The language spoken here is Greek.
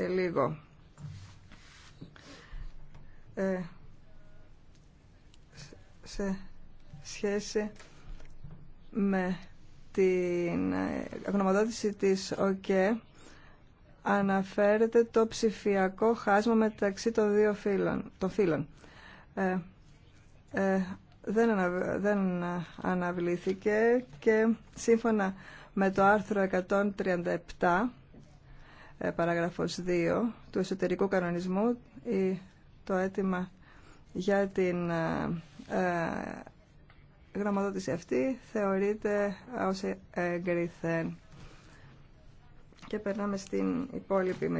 σε λίγο. Ε, σε σχέση με την ε, γνωμοδότηση της ΟΚΕ αναφέρεται το ψηφιακό χάσμα μεταξύ των δύο φύλων, των φύλων. Ε, ε δεν, ανα, δεν αναβλήθηκε και σύμφωνα με το άρθρο 137 ε, παράγραφος 2 του εσωτερικού κανονισμού το αίτημα για την ε, ε, γραμματότηση αυτή θεωρείται ως εγκριθέν. Και περνάμε στην υπόλοιπη